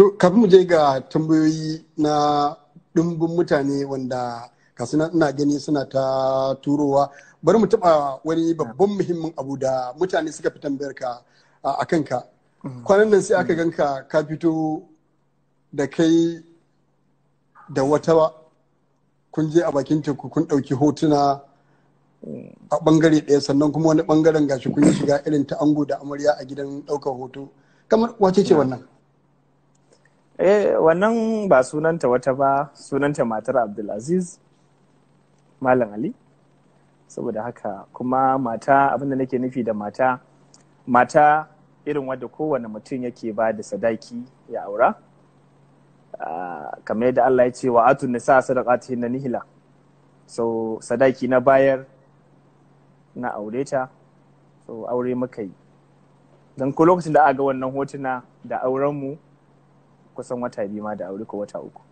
To, kafin mu je ga tambayoyi na ɗumbin mutane wanda kasuna ina gani suna ta turowa, bari mu taɓa wani babban muhimmin abu da mutane suka fi tambayar ka a kanka. Mm. Kwanan nan sai aka mm. ganka ka fito da kai da wata kun je a bakin teku kun ɗauki hotuna a ɓangare ɗaya sannan kuma wani ɓangaren gashi kun yi shiga irin ta ango da amarya a gidan ɗaukar hoto. Kamar wace ce wannan? eh wannan ba sunanta wata ba sunanta matar abdulaziz malam ali saboda haka kuma mata abinda nake nufi da mata mata irin wadda kowane mutum yake ba da sadaki ya aura ah, kamar yadda Allah ya ce wa atun nisa sadaqatihin na nihila so sadaki na bayar na aure ta so aure muka yi don ko lokacin da aka ga wannan hotuna da auren mu kusan wata biyu ma da aure ko wata uku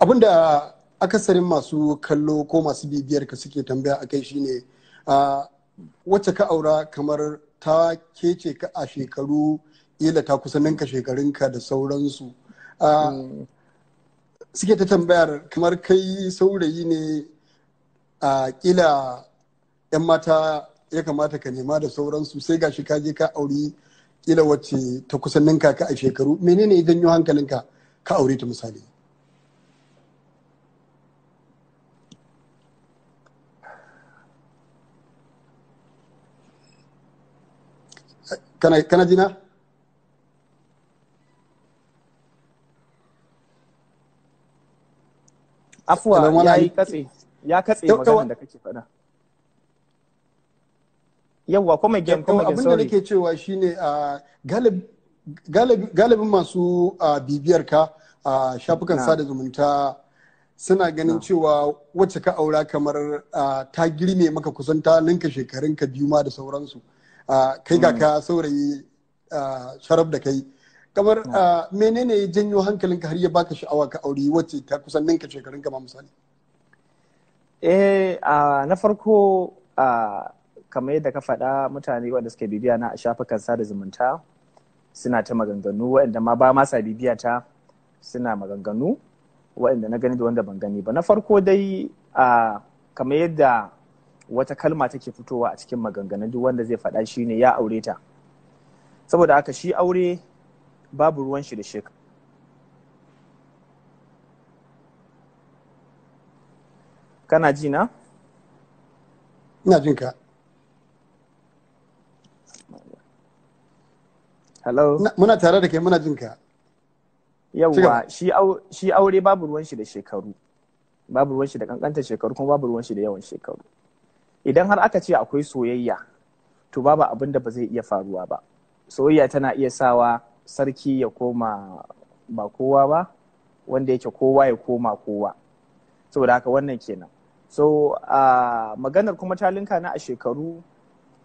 abin da akasarin masu kallo ko masu bibiyar ka suke tambaya a akai shine wacce ka aura kamar ta kece ka a shekaru ila ta kusa ninka shekarunka da sauransu hmm. suke ta tambayar kamar kai saurayi ne a kila 'yan mata ya kamata ka nema da sauransu sai gashi ka je ka auri kila wacce ta kusan ninka ka a shekaru menene idan yi hankalinka ka aure ta misali kana, jina? afuwa ya yi katse ya katse magana da kake faɗa yawwa ko mai gem ko mai gem abin da nake cewa shine galibin masu bibiyar ka a shafukan sada zumunta suna ganin cewa wacce ka aura kamar ta girme maka kusan ta ninka shekarun ka biyu ma da sauransu kai ga mm. ka saurayi sharaf da kai kamar menene ya janyo hankalinka har ya baka sha'awa ka aure wacce ta kusan ninka shekarun ka ma misali eh na farko kamar yadda ka faɗa mutane wanda suke bibiya na a shafukan sada zumunta suna ta maganganu waɗanda ma ba masa bibiya ta suna maganganu waɗanda na gani da wanda ban gani ba na farko dai a kamar yadda wata kalma take fitowa a cikin maganganun duk wanda zai faɗa shine ya aure ta saboda haka shi aure babu ruwan shi da shek kana ji na? Ina jin ka. hello muna tare da ke muna jin ka yawwa shi aure babu ruwan shi da shekaru babu ruwan shi da kankantar shekaru kuma babu ruwan shi da yawan shekaru idan har aka ce akwai soyayya to babu abin da ba zai iya faruwa ba soyayya tana iya sawa sarki ya koma ba kowa ba wanda yake kowa ya koma kowa saboda haka wannan kenan so ah, maganar kuma ta linka na a shekaru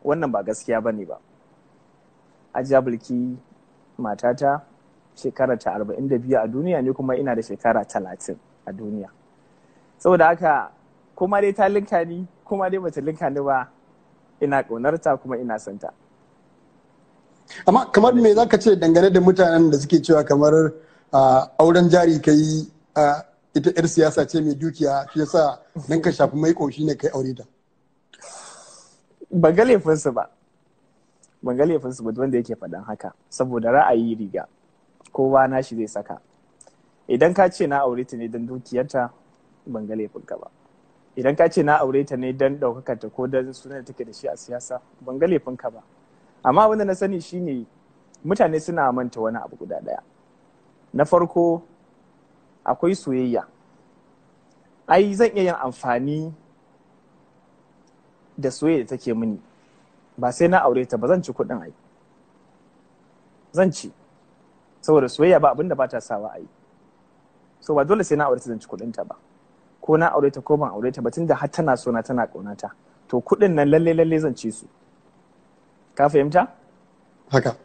wannan ba gaskiya bane ba ajiya bulki matata shekara ta arba'in da biyu a duniya ne kuma ina da shekara talatin a duniya saboda haka kuma dai ta linka ni kuma dai bata linka ni ba ina ƙaunarta kuma ina santa amma kamar me za ka ce dangane da mutanen da suke cewa kamar auren jari ka yi ita 'yar siyasa ce mai dukiya shi yasa nan ka shafi mai ƙoshi ne kai aure ta ba ga laifinsu ba ban ga laifin su wanda yake faɗan haka saboda ra'ayi riga kowa na shi zai saka idan ka ce na aure ta ne don dukiyarta ban ga laifin ka ba idan ka ce na aure ta ne don ɗaukakar ta ko don sunan da take da shi a siyasa ban ga laifin ka ba amma abin da na sani shine mutane suna manta wani abu guda ɗaya na farko akwai soyayya ai zan iya yin amfani da soyayya da take mini ba sai na aure ta ba zan ci kuɗin ai zan ci saboda soyayya ba abinda ba ta sawa ai so ba dole sai na aure ta zan ci kuɗin ta ba ko na aure ta ko ban aure ta ba tunda har tana so na tana ƙauna ta to kuɗin nan lalle lalle zan ci su ka fahimta haka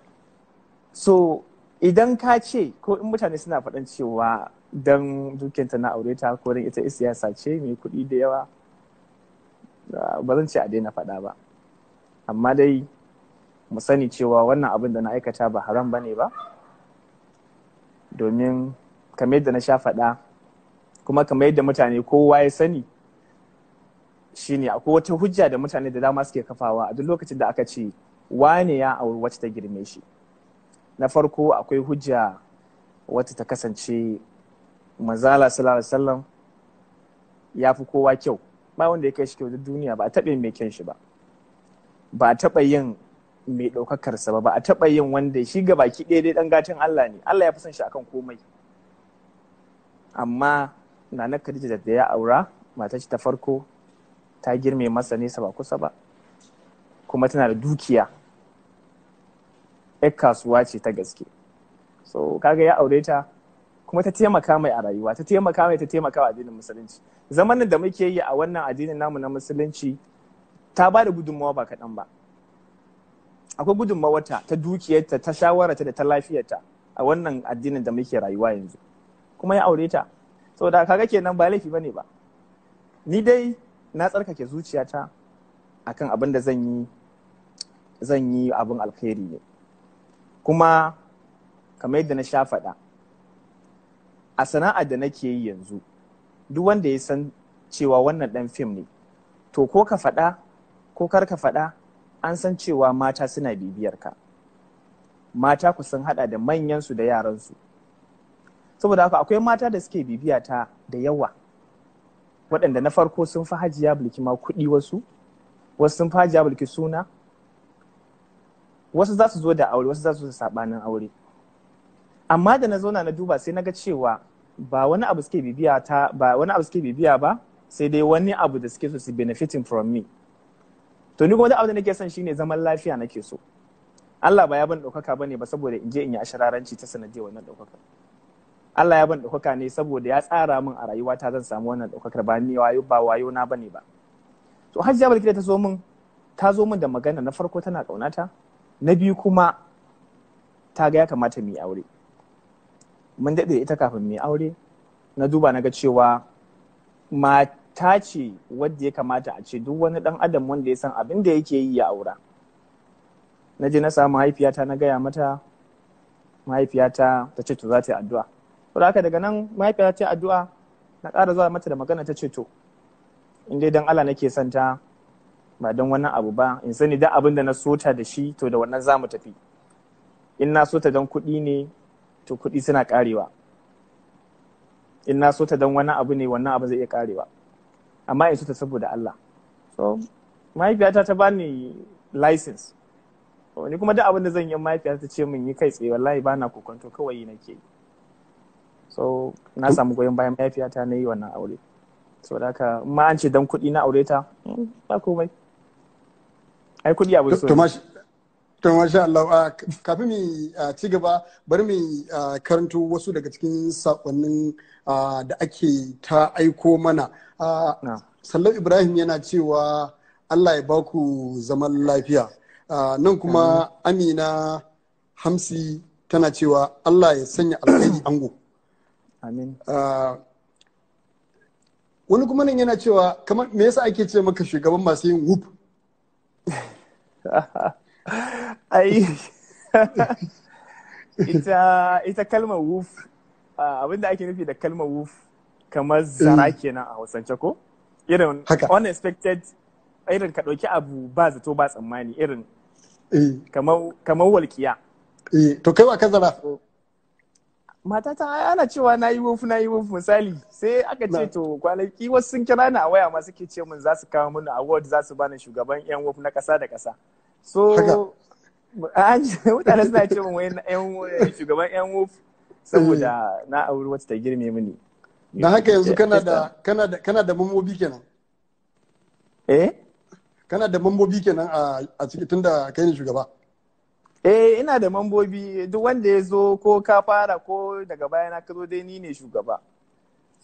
so idan ka ce ko in mutane suna faɗan cewa don ta na aure ta ko dan ita siyasa ce mai kuɗi da yawa ba zan ce a daina faɗa ba amma dai mu sani cewa wannan abin da na aikata ba haram ba ne ba domin kamar yadda na sha faɗa kuma kamar yadda mutane kowa ya sani shine akwai wata hujja da mutane da dama suke kafawa a duk lokacin da aka ce wane ya auri wacce ta girme shi na farko akwai hujja wata ta kasance manzala sallallahu sallan ya fi kowa kyau ba wanda ya kai shi kyau duk duniya ba a taɓe mai kyan shi ba ba a taɓa yin mai ɗaukakarsa ba ba a taɓa yin wanda shi ga baki ɗaya dai ɗan gatin Allah ne Allah ya fi son shi akan komai amma Nana Khadija da ya aura mata ta farko ta girme masa nesa ba kusa ba kuma tana da dukiya yar kasuwa ce ta gaske so kaga ya aure ta kuma ta taimaka mai a rayuwa ta taimaka mai ta taimaka wa addinin musulunci zamanin da muke yi a wannan addinin namu na musulunci ta ba da gudunmawa ba kaɗan ba akwai gudunmawarta ta dukiyarta ta shawararta da ta lafiyarta a wannan addinin da muke rayuwa yanzu kuma ya aure ta saboda kaga kenan ba laifi bane ba ni dai na tsarkake zuciyata akan abin da zan yi abin alkhairi ne kuma kamar yadda na sha faɗa a sana'a da nake yi yanzu duk wanda ya san cewa wannan ɗan fim ne to ko ka faɗa ko kar ka faɗa an san cewa mata suna bibiyar ka mata ku sun haɗa da manyansu da yaransu saboda haka akwai mata da suke bibiya ta da yawa waɗanda na farko sun fi hajiya bulki ma kuɗi wasu wasu sun fi hajiya bulki suna wasu za su zo da aure wasu za su zo da saɓanin aure amma da na zauna na duba sai na ga cewa ba wani abu suke bibiya ba sai dai wani abu da suke so su benefiting from me to ni kuma duk abin da nake son shine zaman lafiya nake so Allah ba ya ban ɗaukaka ba ne ba saboda in je in yi ashararanci ta sanadiyar wannan ɗaukaka Allah ya ban ɗaukaka ne saboda ya tsara min a rayuwata zan samu wannan ɗaukakar ba ni wayo ba wayo na bane ba to hajjiya balkira ta zo min ta zo min da magana na farko tana ta na biyu kuma ta ga ya kamata mu yi aure mun daɗe ita kafin mu yi aure na duba naga cewa ma tace wadda ya kamata a ce duk wani dan adam wanda ya san abin da yake yi ya aura na je na samu mahaifiyata na gaya mata mahaifiyata ta ce to za ta yi addu'a to haka daga nan mahaifiyata ta yi addu'a na ƙara zuwa mata da magana ta ce to in dai dan Allah nake son ta ba don wannan abu ba in sani da abin da na sota da shi to da wannan zamu tafi in na sota dan kuɗi ne to kuɗi suna ƙarewa in na sota don wani abu ne wannan abu zai iya ƙarewa amma yanzu ta saboda Allah so mahaifiyata ta bani license wani kuma duk abin da zan yi mahaifiyata ta ce min yi kai tsaye wallahi ba na kokonto kawai nake yi so na samu goyon bayan mahaifiyata na yi wannan aure so da haka ma an ce dan kuɗi na aure ta hmm, ba komai ai kuɗi abu so To masha Allah kafin mu ci gaba bari mu karanto wasu daga cikin sakonnin da ake ta aiko mana. sallar Ibrahim yana cewa Allah ya baku zaman lafiya. Nan kuma Amina Hamsi tana cewa Allah ya sanya alkhairi ango. Amin. Wani kuma nan yana cewa kamar me yasa ake ce maka shugaban masu yin whoop? Aí. ita ita kalmar wuf abinda ake nufi da kalmar wuf kamar zara mm. kenan a hausance ko irin unexpected irin ka ɗauki abu ba zato ba tsammani irin eh. kamar walkiya. Eh, to kai wa ka zara ta ana cewa na yi wofu na yi wofu misali sai aka ce to kwanaki wasu sun kira ni a waya ma suke ce min za su kawo mun award za su bani shugaban yan wofu na kasa da kasa so mutane suna ce min wai yan shugaban yan wuf saboda eh. na auri wacce ta girme mini na haka yanzu eh, kana da kana da kana da mambobi kenan eh kana da mambobi kenan a ciki tunda kai ne shugaba eh ina da mambobi duk wanda ya zo ko ka fara ko daga baya na kazo dai ni ne shugaba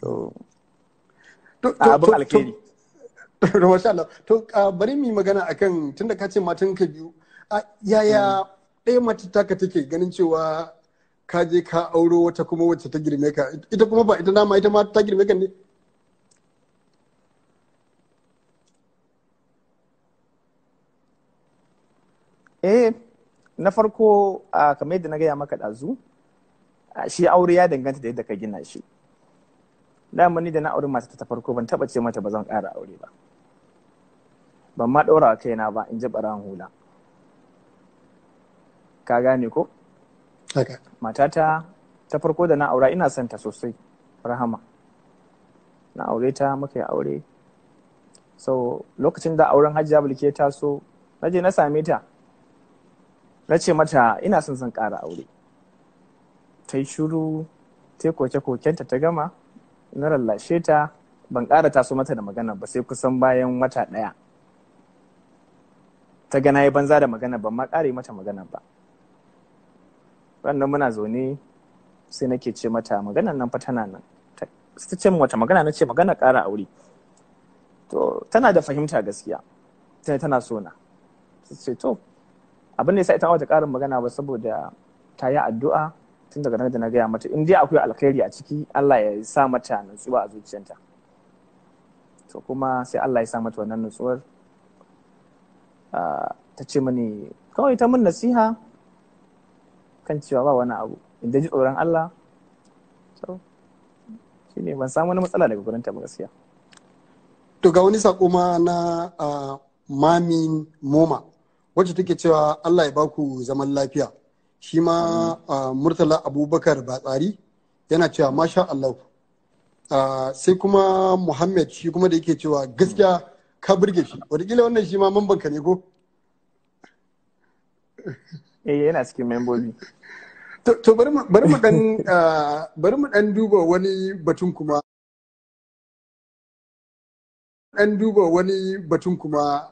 to abin alkhairi to to ah, bari mu yi magana akan tunda ka ce matan ka biyu yaya ɗaya mata taka take ganin cewa ka je ka auro wata kuma wacce ta girme ka ita kuma ba ita nama ita ma ta girme ka ne eh na farko kamar yadda na gaya maka ɗazu shi aure ya danganta da yadda ka gina shi dama ni da na aure mata ta farko ban taba ce mata ba zan ƙara aure ba ban ma ɗora kaina ba in ji ɓaran hula ka gane ko matata ta farko da na aura ina son ta sosai rahama na aure ta muka yi aure so lokacin da auren hajji bulke ta so na je na same ta na ce mata ina son zan ƙara aure ta yi shuru ta koke kokenta ta gama na rallashe ta ban ƙara taso mata da magana ba sai kusan bayan wata ɗaya ta gana yi banza da magana ban ma ƙare mata magana ba ranar muna zaune sai nake ce mata magana nan fa tana nan ta ce wata magana na ce magana ƙara aure to tana da fahimta gaskiya sai tana so na ce to abin da yasa ita wata ƙarin magana ba saboda ta yi addu'a tun daga nan da na gaya mata in dai akwai alkhairi a ciki Allah ya sa mata nutsuwa a zuciyarta to kuma sai Allah ya sa mata wannan nutsuwar ah, ta ce mani kawai ta mun nasiha kan cewa ba wani abu inda ji tsoron Allah so ne ban samu wani matsala daga gurin ta ba gaskiya to ga wani sako ma na mamin moma wacce take cewa Allah ya baku zaman lafiya shi ma murtala abubakar batsari yana cewa masha Allah sai kuma muhammad shi kuma da yake cewa gaskiya ka burge shi wadakila wannan shi ma mambanka ne ko eh yana cikin membobi to bari mu dan ah, bari mu dan duba wani batun kuma dan duba wani batun kuma